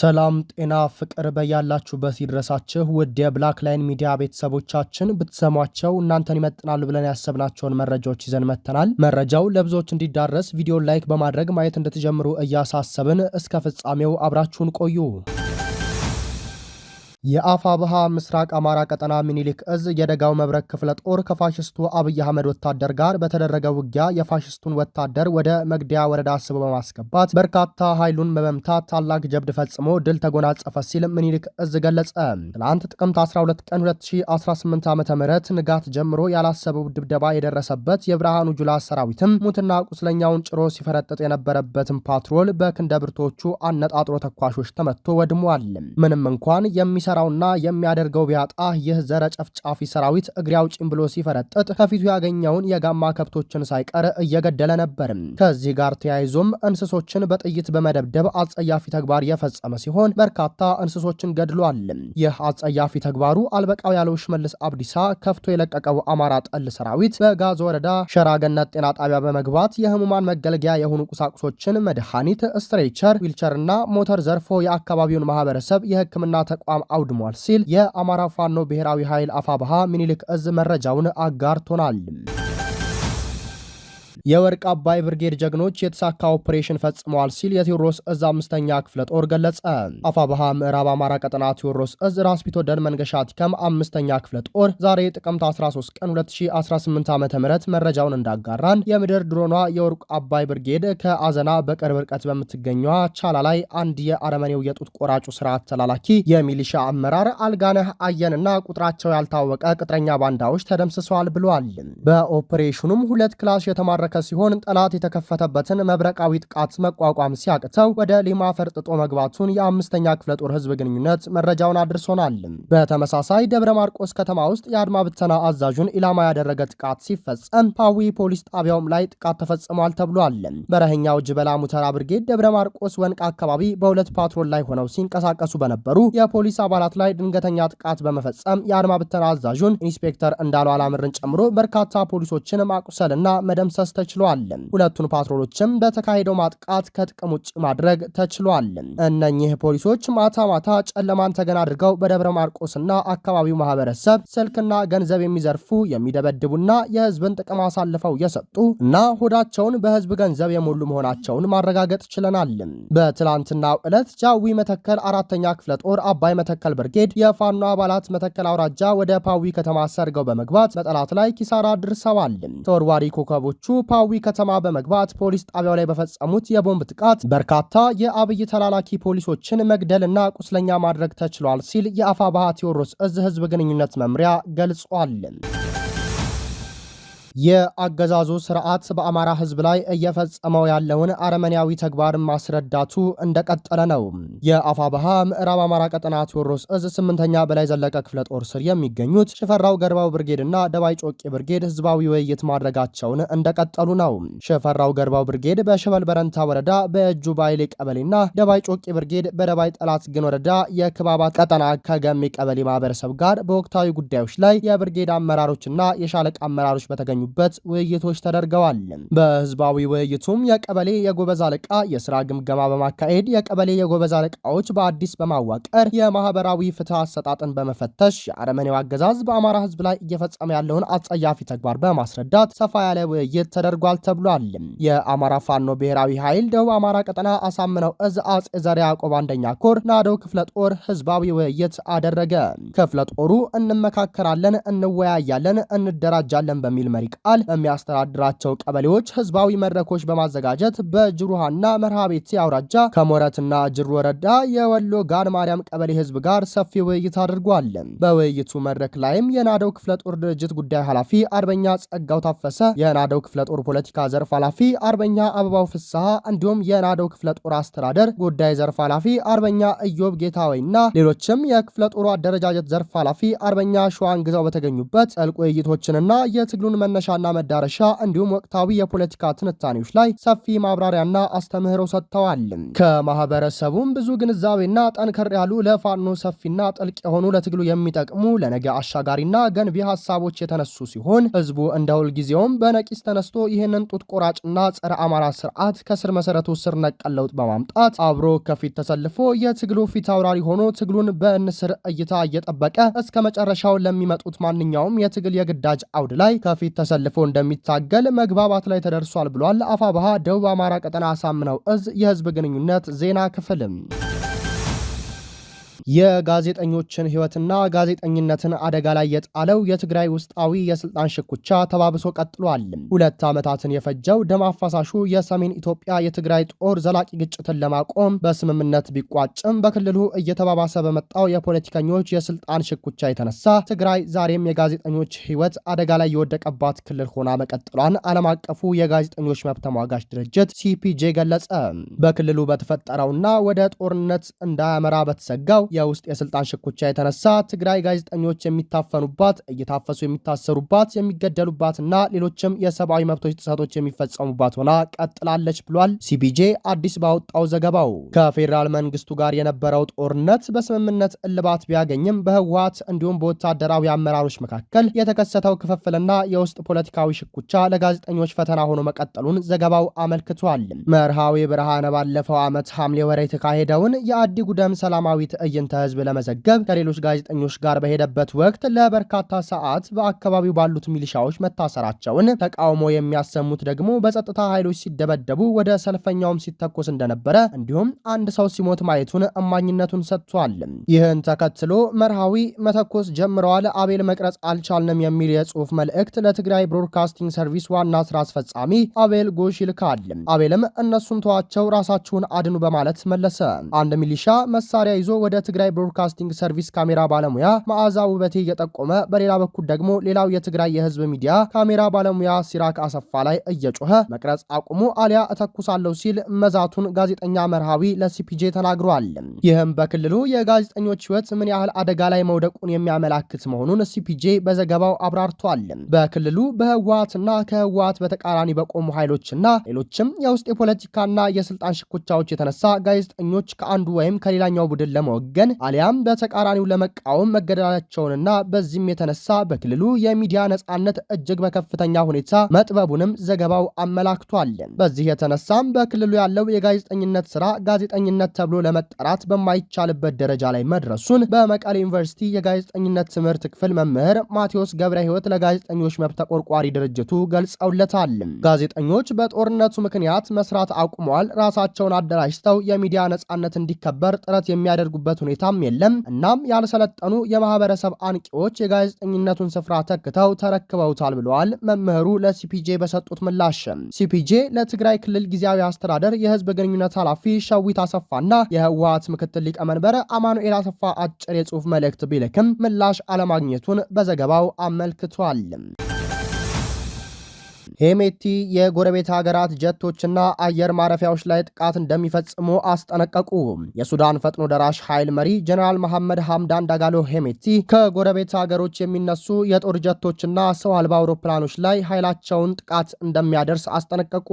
ሰላም ጤና ፍቅር በያላችሁበት ይድረሳችሁ። ውድ የብላክ ላይን ሚዲያ ቤተሰቦቻችን ብትሰሟቸው እናንተን ይመጥናሉ ብለን ያሰብናቸውን መረጃዎች ይዘን መጥተናል። መረጃው ለብዙዎች እንዲዳረስ ቪዲዮን ላይክ በማድረግ ማየት እንድትጀምሩ እያሳሰብን እስከ ፍጻሜው አብራችሁን ቆዩ። የአፋብሃ ምስራቅ አማራ ቀጠና ሚኒሊክ እዝ የደጋው መብረቅ ክፍለ ጦር ከፋሽስቱ አብይ አህመድ ወታደር ጋር በተደረገ ውጊያ የፋሽስቱን ወታደር ወደ መግደያ ወረዳ አስቦ በማስገባት በርካታ ኃይሉን በመምታት ታላቅ ጀብድ ፈጽሞ ድል ተጎናጸፈ ሲል ሚኒሊክ እዝ ገለጸ። ትናንት ጥቅምት 12 ቀን 2018 ዓ ም ንጋት ጀምሮ ያላሰበው ድብደባ የደረሰበት የብርሃኑ ጁላ ሰራዊትም ሙትና ቁስለኛውን ጭሮ ሲፈረጥጥ የነበረበትን ፓትሮል በክንደ ብርቶቹ አነጣጥሮ ተኳሾች ተመቶ ወድሟል። ምንም እንኳን የሚሰ የሚሰራውና የሚያደርገው ቢያጣ ይህ ዘረ ጨፍጫፊ ሰራዊት እግሬ አውጪኝ ብሎ ሲፈረጥጥ ከፊቱ ያገኘውን የጋማ ከብቶችን ሳይቀር እየገደለ ነበር። ከዚህ ጋር ተያይዞም እንስሶችን በጥይት በመደብደብ አጸያፊ ተግባር የፈጸመ ሲሆን በርካታ እንስሶችን ገድሏል። ይህ አጸያፊ ተግባሩ አልበቃው ያለው ሽመልስ አብዲሳ ከፍቶ የለቀቀው አማራ ጠል ሰራዊት በጋዝ ወረዳ ሸራገነት ጤና ጣቢያ በመግባት የህሙማን መገልገያ የሆኑ ቁሳቁሶችን፣ መድኃኒት፣ ስትሬቸር፣ ዊልቸርና ሞተር ዘርፎ የአካባቢውን ማህበረሰብ የህክምና ተቋም አውድሟል ሲል የአማራ ፋኖ ብሔራዊ ኃይል አፋብሃ ሚኒልክ እዝ መረጃውን አጋርቶናል። የወርቅ አባይ ብርጌድ ጀግኖች የተሳካ ኦፕሬሽን ፈጽመዋል ሲል የቴዎድሮስ እዝ አምስተኛ ክፍለ ጦር ገለጸ። አፋብሃ ምዕራብ አማራ ቀጠና ቴዎድሮስ እዝ ራስቢትወደድ መንገሻ ቲከም አምስተኛ ክፍለ ጦር ዛሬ ጥቅምት 13 ቀን 2018 ዓ ም መረጃውን እንዳጋራን የምድር ድሮኗ የወርቅ አባይ ብርጌድ ከአዘና በቅርብ ርቀት በምትገኘዋ ቻላ ላይ አንድ የአረመኔው የጡት ቆራጩ ስርዓት ተላላኪ የሚሊሻ አመራር አልጋነህ አየንና ቁጥራቸው ያልታወቀ ቅጥረኛ ባንዳዎች ተደምስሰዋል ብለዋል። በኦፕሬሽኑም ሁለት ክላስ የተማረ የተማረከ ሲሆን ጠላት የተከፈተበትን መብረቃዊ ጥቃት መቋቋም ሲያቅተው ወደ ሊማ ፈርጥጦ መግባቱን የአምስተኛ ክፍለ ጦር ህዝብ ግንኙነት መረጃውን አድርሶናል። በተመሳሳይ ደብረ ማርቆስ ከተማ ውስጥ የአድማ ብተና አዛዡን ኢላማ ያደረገ ጥቃት ሲፈጸም ፓዊ ፖሊስ ጣቢያውም ላይ ጥቃት ተፈጽሟል ተብሏል። በረኸኛው ጅበላ ሙተራ ብርጌድ ደብረ ማርቆስ ወንቅ አካባቢ በሁለት ፓትሮል ላይ ሆነው ሲንቀሳቀሱ በነበሩ የፖሊስ አባላት ላይ ድንገተኛ ጥቃት በመፈጸም የአድማ ብተና አዛዡን ኢንስፔክተር እንዳሉ አላምርን ጨምሮ በርካታ ፖሊሶችን ማቁሰልና መደምሰስ ተችሏል። ሁለቱን ፓትሮሎችም በተካሄደው ማጥቃት ከጥቅም ውጭ ማድረግ ተችሏል። እነኚህ ፖሊሶች ማታ ማታ ጨለማን ተገን አድርገው በደብረ ማርቆስና አካባቢው ማህበረሰብ ስልክና ገንዘብ የሚዘርፉ የሚደበድቡና የህዝብን ጥቅም አሳልፈው የሰጡ እና ሆዳቸውን በህዝብ ገንዘብ የሞሉ መሆናቸውን ማረጋገጥ ችለናል። በትላንትናው ዕለት ጃዊ መተከል አራተኛ ክፍለ ጦር አባይ መተከል ብርጌድ የፋኖ አባላት መተከል አውራጃ ወደ ፓዊ ከተማ ሰርገው በመግባት በጠላት ላይ ኪሳራ አድርሰዋል። ተወርዋሪ ኮከቦቹ አምፓዊ ከተማ በመግባት ፖሊስ ጣቢያው ላይ በፈጸሙት የቦምብ ጥቃት በርካታ የአብይ ተላላኪ ፖሊሶችን መግደልና ቁስለኛ ማድረግ ተችሏል ሲል የአፋ ባህ ቴዎድሮስ እዝ ህዝብ ግንኙነት መምሪያ ገልጿል። የአገዛዙ ስርዓት በአማራ ህዝብ ላይ እየፈጸመው ያለውን አረመኔያዊ ተግባር ማስረዳቱ እንደቀጠለ ነው። የአፋብሃ ምዕራብ አማራ ቀጠና ቴዎድሮስ እዝ ስምንተኛ በላይ ዘለቀ ክፍለ ጦር ስር የሚገኙት ሽፈራው ገርባው ብርጌድ እና ደባይ ጮቄ ብርጌድ ህዝባዊ ውይይት ማድረጋቸውን እንደቀጠሉ ነው። ሽፈራው ገርባው ብርጌድ በሽበል በረንታ ወረዳ በእጁ ባይሌ ቀበሌና ደባይ ጮቄ ብርጌድ በደባይ ጠላት ግን ወረዳ የክባባት ቀጠና ከገሚ ቀበሌ ማህበረሰብ ጋር በወቅታዊ ጉዳዮች ላይ የብርጌድ አመራሮችና የሻለቃ አመራሮች በተገኙ በተገኙበት ውይይቶች ተደርገዋል። በህዝባዊ ውይይቱም የቀበሌ የጎበዝ አለቃ የስራ ግምገማ በማካሄድ የቀበሌ የጎበዝ አለቃዎች በአዲስ በማዋቀር የማህበራዊ ፍትህ አሰጣጥን በመፈተሽ የአረመኔው አገዛዝ በአማራ ህዝብ ላይ እየፈጸመ ያለውን አጸያፊ ተግባር በማስረዳት ሰፋ ያለ ውይይት ተደርጓል ተብሏል። የአማራ ፋኖ ብሔራዊ ኃይል ደቡብ አማራ ቀጠና አሳምነው እዝ አጼ ዘርዓ ያዕቆብ አንደኛ ኮር ናደው ክፍለ ጦር ህዝባዊ ውይይት አደረገ። ክፍለ ጦሩ እንመካከራለን፣ እንወያያለን፣ እንደራጃለን በሚል መሪ ቃል የሚያስተዳድራቸው ቀበሌዎች ህዝባዊ መድረኮች በማዘጋጀት በጅሩሃና መርሃቤቴ አውራጃ ከሞረትና ጅሩ ወረዳ የወሎ ጋን ማርያም ቀበሌ ህዝብ ጋር ሰፊ ውይይት አድርጓል። በውይይቱ መድረክ ላይም የናደው ክፍለ ጦር ድርጅት ጉዳይ ኃላፊ አርበኛ ጸጋው ታፈሰ፣ የናደው ክፍለ ጦር ፖለቲካ ዘርፍ ኃላፊ አርበኛ አበባው ፍስሐ እንዲሁም የናደው ክፍለ ጦር አስተዳደር ጉዳይ ዘርፍ ኃላፊ አርበኛ ኢዮብ ጌታወይና ሌሎችም የክፍለ ጦሩ አደረጃጀት ዘርፍ ኃላፊ አርበኛ ሸዋን ግዛው በተገኙበት ጥልቅ ውይይቶችንና የትግሉን መነ መነሻና መዳረሻ እንዲሁም ወቅታዊ የፖለቲካ ትንታኔዎች ላይ ሰፊ ማብራሪያና አስተምህሮ ሰጥተዋል። ከማህበረሰቡም ብዙ ግንዛቤና ጠንከር ያሉ ለፋኖ ሰፊና ጥልቅ የሆኑ ለትግሉ የሚጠቅሙ ለነገ አሻጋሪና ገንቢ ሀሳቦች የተነሱ ሲሆን ህዝቡ እንደ ሁልጊዜውም በነቂስ ተነስቶ ይህንን ጡት ቆራጭና ጸረ አማራ ስርዓት ከስር መሰረቱ ስር ነቀል ለውጥ በማምጣት አብሮ ከፊት ተሰልፎ የትግሉ ፊት አውራሪ ሆኖ ትግሉን በንስር እይታ እየጠበቀ እስከ መጨረሻው ለሚመጡት ማንኛውም የትግል የግዳጅ አውድ ላይ ከፊት ተሰልፎ እንደሚታገል መግባባት ላይ ተደርሷል ብሏል። አፋባሃ ደቡብ አማራ ቀጠና አሳምነው እዝ የህዝብ ግንኙነት ዜና ክፍልም የጋዜጠኞችን ሕይወትና ጋዜጠኝነትን አደጋ ላይ የጣለው የትግራይ ውስጣዊ የስልጣን ሽኩቻ ተባብሶ ቀጥሏል። ሁለት ዓመታትን የፈጀው ደም አፋሳሹ የሰሜን ኢትዮጵያ የትግራይ ጦር ዘላቂ ግጭትን ለማቆም በስምምነት ቢቋጭም በክልሉ እየተባባሰ በመጣው የፖለቲከኞች የስልጣን ሽኩቻ የተነሳ ትግራይ ዛሬም የጋዜጠኞች ሕይወት አደጋ ላይ የወደቀባት ክልል ሆና መቀጠሏን ዓለም አቀፉ የጋዜጠኞች መብት ተሟጋች ድርጅት ሲፒጄ ገለጸ። በክልሉ በተፈጠረውና ወደ ጦርነት እንዳያመራ በተሰጋው የውስጥ የስልጣን ሽኩቻ የተነሳ ትግራይ ጋዜጠኞች የሚታፈኑባት፣ እየታፈሱ የሚታሰሩባት፣ የሚገደሉባትና ሌሎችም የሰብአዊ መብቶች ጥሰቶች የሚፈጸሙባት ሆና ቀጥላለች ብሏል ሲቢጄ አዲስ ባወጣው ዘገባው። ከፌዴራል መንግስቱ ጋር የነበረው ጦርነት በስምምነት እልባት ቢያገኝም በህወሀት እንዲሁም በወታደራዊ አመራሮች መካከል የተከሰተው ክፍፍልና የውስጥ ፖለቲካዊ ሽኩቻ ለጋዜጠኞች ፈተና ሆኖ መቀጠሉን ዘገባው አመልክቷል። መርሃዊ ብርሃነ ባለፈው ዓመት ሐምሌ ወር የተካሄደውን የአዲ ጉደም ሰላማዊ ትዕይንት ትዕይንተ ህዝብ ለመዘገብ ከሌሎች ጋዜጠኞች ጋር በሄደበት ወቅት ለበርካታ ሰዓት በአካባቢው ባሉት ሚሊሻዎች መታሰራቸውን፣ ተቃውሞ የሚያሰሙት ደግሞ በጸጥታ ኃይሎች ሲደበደቡ ወደ ሰልፈኛውም ሲተኮስ እንደነበረ እንዲሁም አንድ ሰው ሲሞት ማየቱን እማኝነቱን ሰጥቷል። ይህን ተከትሎ መርሃዊ መተኮስ ጀምረዋል፣ አቤል መቅረጽ አልቻልንም የሚል የጽሁፍ መልእክት ለትግራይ ብሮድካስቲንግ ሰርቪስ ዋና ስራ አስፈጻሚ አቤል ጎሽ ይልካል። አቤልም እነሱም ተዋቸው ራሳችሁን አድኑ በማለት መለሰ። አንድ ሚሊሻ መሳሪያ ይዞ ወደ የትግራይ ብሮድካስቲንግ ሰርቪስ ካሜራ ባለሙያ መዓዛ ውበቴ እየጠቆመ በሌላ በኩል ደግሞ ሌላው የትግራይ የህዝብ ሚዲያ ካሜራ ባለሙያ ሲራክ አሰፋ ላይ እየጮኸ መቅረጽ አቁሙ አሊያ እተኩሳለሁ ሲል መዛቱን ጋዜጠኛ መርሃዊ ለሲፒጄ ተናግሯል። ይህም በክልሉ የጋዜጠኞች ህይወት ምን ያህል አደጋ ላይ መውደቁን የሚያመላክት መሆኑን ሲፒጄ በዘገባው አብራርቷል። በክልሉ በህወሀትና ከህወሀት በተቃራኒ በቆሙ ኃይሎችና ሌሎችም የውስጥ የፖለቲካና የስልጣን ሽኩቻዎች የተነሳ ጋዜጠኞች ከአንዱ ወይም ከሌላኛው ቡድን ለመወገ ለማመስገን አሊያም በተቃራኒው ለመቃወም መገደላቸውንና በዚህም የተነሳ በክልሉ የሚዲያ ነጻነት እጅግ በከፍተኛ ሁኔታ መጥበቡንም ዘገባው አመላክቷል። በዚህ የተነሳም በክልሉ ያለው የጋዜጠኝነት ስራ ጋዜጠኝነት ተብሎ ለመጠራት በማይቻልበት ደረጃ ላይ መድረሱን በመቀሌ ዩኒቨርሲቲ የጋዜጠኝነት ትምህርት ክፍል መምህር ማቴዎስ ገብረ ህይወት ለጋዜጠኞች መብት ተቆርቋሪ ድርጅቱ ገልጸውለታል። ጋዜጠኞች በጦርነቱ ምክንያት መስራት አቁመዋል። ራሳቸውን አደራጅተው የሚዲያ ነጻነት እንዲከበር ጥረት የሚያደርጉበት ሁኔታ ሁኔታም የለም። እናም ያልሰለጠኑ የማህበረሰብ አንቂዎች የጋዜጠኝነቱን ስፍራ ተክተው ተረክበውታል ብለዋል መምህሩ ለሲፒጄ በሰጡት ምላሽ ሲፒጄ ለትግራይ ክልል ጊዜያዊ አስተዳደር የህዝብ ግንኙነት ኃላፊ ሸዊት አሰፋና የህወሀት ምክትል ሊቀመንበር አማኑኤል አሰፋ አጭር የጽሁፍ መልእክት ቢልክም ምላሽ አለማግኘቱን በዘገባው አመልክቷል። ሄሜቲ የጎረቤት ሀገራት ጀቶችና አየር ማረፊያዎች ላይ ጥቃት እንደሚፈጽሙ አስጠነቀቁ። የሱዳን ፈጥኖ ደራሽ ኃይል መሪ ጀኔራል መሐመድ ሐምዳን ዳጋሎ ሄሜቲ ከጎረቤት ሀገሮች የሚነሱ የጦር ጀቶችና ሰው አልባ አውሮፕላኖች ላይ ኃይላቸውን ጥቃት እንደሚያደርስ አስጠነቀቁ።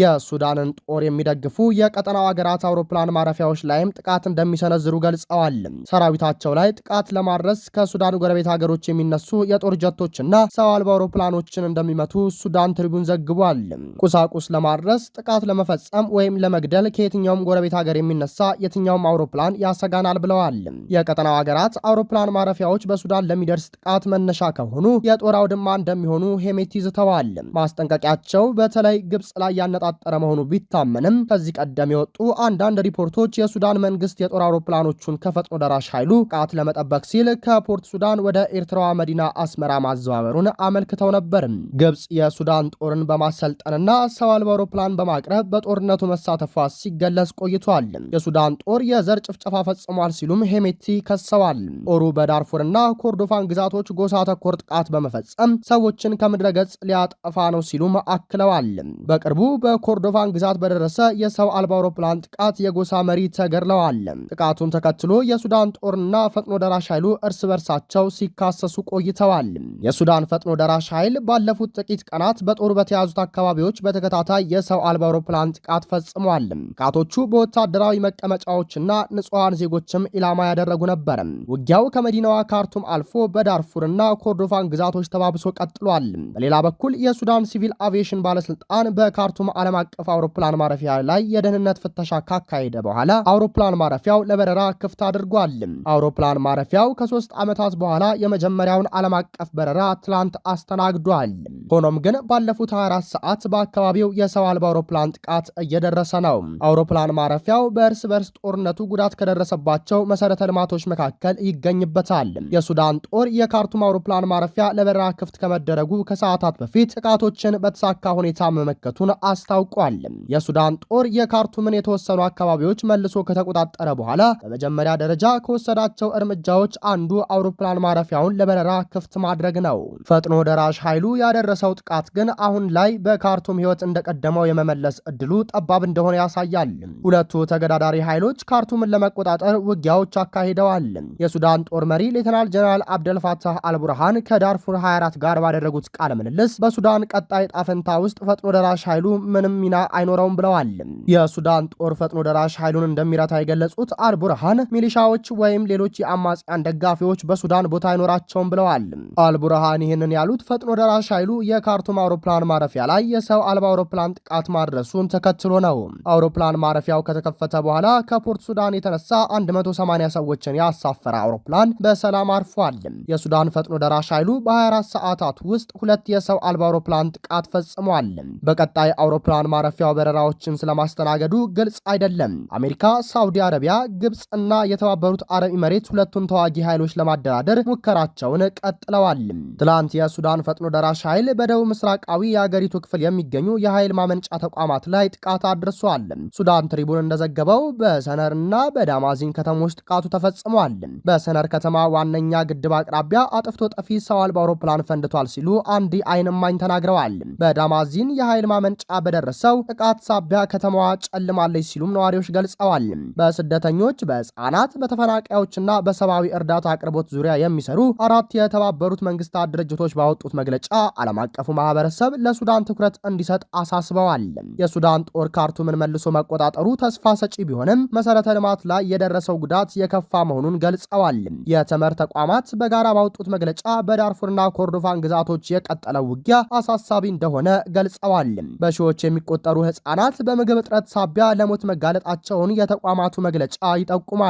የሱዳንን ጦር የሚደግፉ የቀጠናው ሀገራት አውሮፕላን ማረፊያዎች ላይም ጥቃት እንደሚሰነዝሩ ገልጸዋል። ሰራዊታቸው ላይ ጥቃት ለማድረስ ከሱዳን ጎረቤት ሀገሮች የሚነሱ የጦር ጀቶችና ሰው አልባ አውሮፕላኖችን እንደሚመቱ ሱዳን ሀቢቡን ዘግቧል። ቁሳቁስ ለማድረስ፣ ጥቃት ለመፈጸም ወይም ለመግደል ከየትኛውም ጎረቤት ሀገር የሚነሳ የትኛውም አውሮፕላን ያሰጋናል ብለዋል። የቀጠናው ሀገራት አውሮፕላን ማረፊያዎች በሱዳን ለሚደርስ ጥቃት መነሻ ከሆኑ የጦር አውድማ እንደሚሆኑ ሄሜቲ ዝተዋል። ማስጠንቀቂያቸው በተለይ ግብፅ ላይ ያነጣጠረ መሆኑ ቢታመንም ከዚህ ቀደም የወጡ አንዳንድ ሪፖርቶች የሱዳን መንግስት የጦር አውሮፕላኖቹን ከፈጥኖ ደራሽ ኃይሉ ጥቃት ለመጠበቅ ሲል ከፖርት ሱዳን ወደ ኤርትራዋ መዲና አስመራ ማዘዋወሩን አመልክተው ነበር። ግብፅ የሱዳን ጦርን በማሰልጠንና ሰው አልባ አውሮፕላን በማቅረብ በጦርነቱ መሳተፏ ሲገለጽ ቆይቷል። የሱዳን ጦር የዘር ጭፍጨፋ ፈጽሟል ሲሉም ሄሜቲ ከሰዋል። ጦሩ በዳርፉርና ኮርዶፋን ግዛቶች ጎሳ ተኮር ጥቃት በመፈጸም ሰዎችን ከምድረ ገጽ ሊያጠፋ ነው ሲሉም አክለዋል። በቅርቡ በኮርዶፋን ግዛት በደረሰ የሰው አልባ አውሮፕላን ጥቃት የጎሳ መሪ ተገድለዋል። ጥቃቱን ተከትሎ የሱዳን ጦርና ፈጥኖ ደራሽ ኃይሉ እርስ በርሳቸው ሲካሰሱ ቆይተዋል። የሱዳን ፈጥኖ ደራሽ ኃይል ባለፉት ጥቂት ቀናት በጦር ጦሩ በተያዙት አካባቢዎች በተከታታይ የሰው አልባ አውሮፕላን ጥቃት ፈጽሟል። ጥቃቶቹ በወታደራዊ መቀመጫዎችና ንጹሐን ዜጎችም ኢላማ ያደረጉ ነበር። ውጊያው ከመዲናዋ ካርቱም አልፎ በዳርፉርና ኮርዶፋን ግዛቶች ተባብሶ ቀጥሏል። በሌላ በኩል የሱዳን ሲቪል አቪዬሽን ባለስልጣን በካርቱም ዓለም አቀፍ አውሮፕላን ማረፊያ ላይ የደህንነት ፍተሻ ካካሄደ በኋላ አውሮፕላን ማረፊያው ለበረራ ክፍት አድርጓል። አውሮፕላን ማረፊያው ከሶስት ዓመታት በኋላ የመጀመሪያውን ዓለም አቀፍ በረራ ትላንት አስተናግዷል። ሆኖም ግን ባለ ባለፉት 24 ሰዓት በአካባቢው የሰው አልባ አውሮፕላን ጥቃት እየደረሰ ነው። አውሮፕላን ማረፊያው በእርስ በርስ ጦርነቱ ጉዳት ከደረሰባቸው መሰረተ ልማቶች መካከል ይገኝበታል። የሱዳን ጦር የካርቱም አውሮፕላን ማረፊያ ለበረራ ክፍት ከመደረጉ ከሰዓታት በፊት ጥቃቶችን በተሳካ ሁኔታ መመከቱን አስታውቋል። የሱዳን ጦር የካርቱምን የተወሰኑ አካባቢዎች መልሶ ከተቆጣጠረ በኋላ በመጀመሪያ ደረጃ ከወሰዳቸው እርምጃዎች አንዱ አውሮፕላን ማረፊያውን ለበረራ ክፍት ማድረግ ነው። ፈጥኖ ደራሽ ኃይሉ ያደረሰው ጥቃት ግን አሁን ላይ በካርቱም ህይወት እንደቀደመው የመመለስ እድሉ ጠባብ እንደሆነ ያሳያል። ሁለቱ ተገዳዳሪ ኃይሎች ካርቱምን ለመቆጣጠር ውጊያዎች አካሂደዋል። የሱዳን ጦር መሪ ሌተናል ጀነራል አብደልፋታህ አልቡርሃን ከዳርፉር 24 ጋር ባደረጉት ቃለ ምልልስ በሱዳን ቀጣይ ጣፈንታ ውስጥ ፈጥኖ ደራሽ ኃይሉ ምንም ሚና አይኖረውም ብለዋል። የሱዳን ጦር ፈጥኖ ደራሽ ኃይሉን እንደሚረታ የገለጹት አልቡርሃን ሚሊሻዎች ወይም ሌሎች የአማጽያን ደጋፊዎች በሱዳን ቦታ አይኖራቸውም ብለዋል። አልቡርሃን ይህንን ያሉት ፈጥኖ ደራሽ ኃይሉ የካርቱም አውሮፕላ አውሮፕላን ማረፊያ ላይ የሰው አልባ አውሮፕላን ጥቃት ማድረሱን ተከትሎ ነው። አውሮፕላን ማረፊያው ከተከፈተ በኋላ ከፖርት ሱዳን የተነሳ 180 ሰዎችን ያሳፈረ አውሮፕላን በሰላም አርፏል። የሱዳን ፈጥኖ ደራሽ ኃይሉ በ24 ሰዓታት ውስጥ ሁለት የሰው አልባ አውሮፕላን ጥቃት ፈጽሟል። በቀጣይ አውሮፕላን ማረፊያው በረራዎችን ስለማስተናገዱ ግልጽ አይደለም። አሜሪካ፣ ሳውዲ አረቢያ፣ ግብፅ እና የተባበሩት አረብ መሬት ሁለቱን ተዋጊ ኃይሎች ለማደራደር ሙከራቸውን ቀጥለዋል። ትላንት የሱዳን ፈጥኖ ደራሽ ኃይል በደቡብ ምስራቅ በምስራቃዊ የአገሪቱ ክፍል የሚገኙ የኃይል ማመንጫ ተቋማት ላይ ጥቃት አድርሷል። ሱዳን ትሪቡን እንደዘገበው በሰነርና በዳማዚን ከተሞች ጥቃቱ ተፈጽሟል። በሰነር ከተማ ዋነኛ ግድብ አቅራቢያ አጥፍቶ ጠፊ ሰው አልባ አውሮፕላን ፈንድቷል ሲሉ አንድ አይንማኝ እማኝ ተናግረዋል። በዳማዚን የኃይል ማመንጫ በደረሰው ጥቃት ሳቢያ ከተማዋ ጨልማለች ሲሉም ነዋሪዎች ገልጸዋል። በስደተኞች፣ በህፃናት፣ በተፈናቃዮችና በሰብአዊ እርዳታ አቅርቦት ዙሪያ የሚሰሩ አራት የተባበሩት መንግስታት ድርጅቶች ባወጡት መግለጫ ዓለም አቀፉ ማህበረሰብ ማህበረሰብ ለሱዳን ትኩረት እንዲሰጥ አሳስበዋል። የሱዳን ጦር ካርቱምን መልሶ መቆጣጠሩ ተስፋ ሰጪ ቢሆንም መሰረተ ልማት ላይ የደረሰው ጉዳት የከፋ መሆኑን ገልጸዋል። የትምህርት ተቋማት በጋራ ባወጡት መግለጫ በዳርፉርና ኮርዶፋን ግዛቶች የቀጠለው ውጊያ አሳሳቢ እንደሆነ ገልጸዋል። በሺዎች የሚቆጠሩ ህጻናት በምግብ እጥረት ሳቢያ ለሞት መጋለጣቸውን የተቋማቱ መግለጫ ይጠቁማል።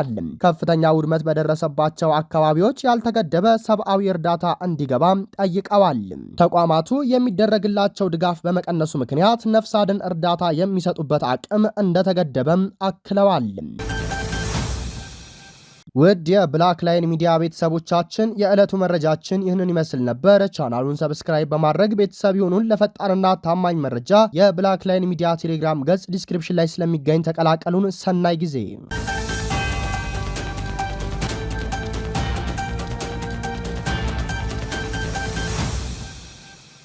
ከፍተኛ ውድመት በደረሰባቸው አካባቢዎች ያልተገደበ ሰብአዊ እርዳታ እንዲገባም ጠይቀዋል። ተቋማቱ የሚደረግ የሚደረግላቸው ድጋፍ በመቀነሱ ምክንያት ነፍስ አድን እርዳታ የሚሰጡበት አቅም እንደተገደበም አክለዋል። ውድ የብላክ ላይን ሚዲያ ቤተሰቦቻችን የዕለቱ መረጃችን ይህንን ይመስል ነበር። ቻናሉን ሰብስክራይብ በማድረግ ቤተሰብ ይሁኑን። ለፈጣንና ታማኝ መረጃ የብላክ ላይን ሚዲያ ቴሌግራም ገጽ ዲስክሪፕሽን ላይ ስለሚገኝ ተቀላቀሉን። ሰናይ ጊዜ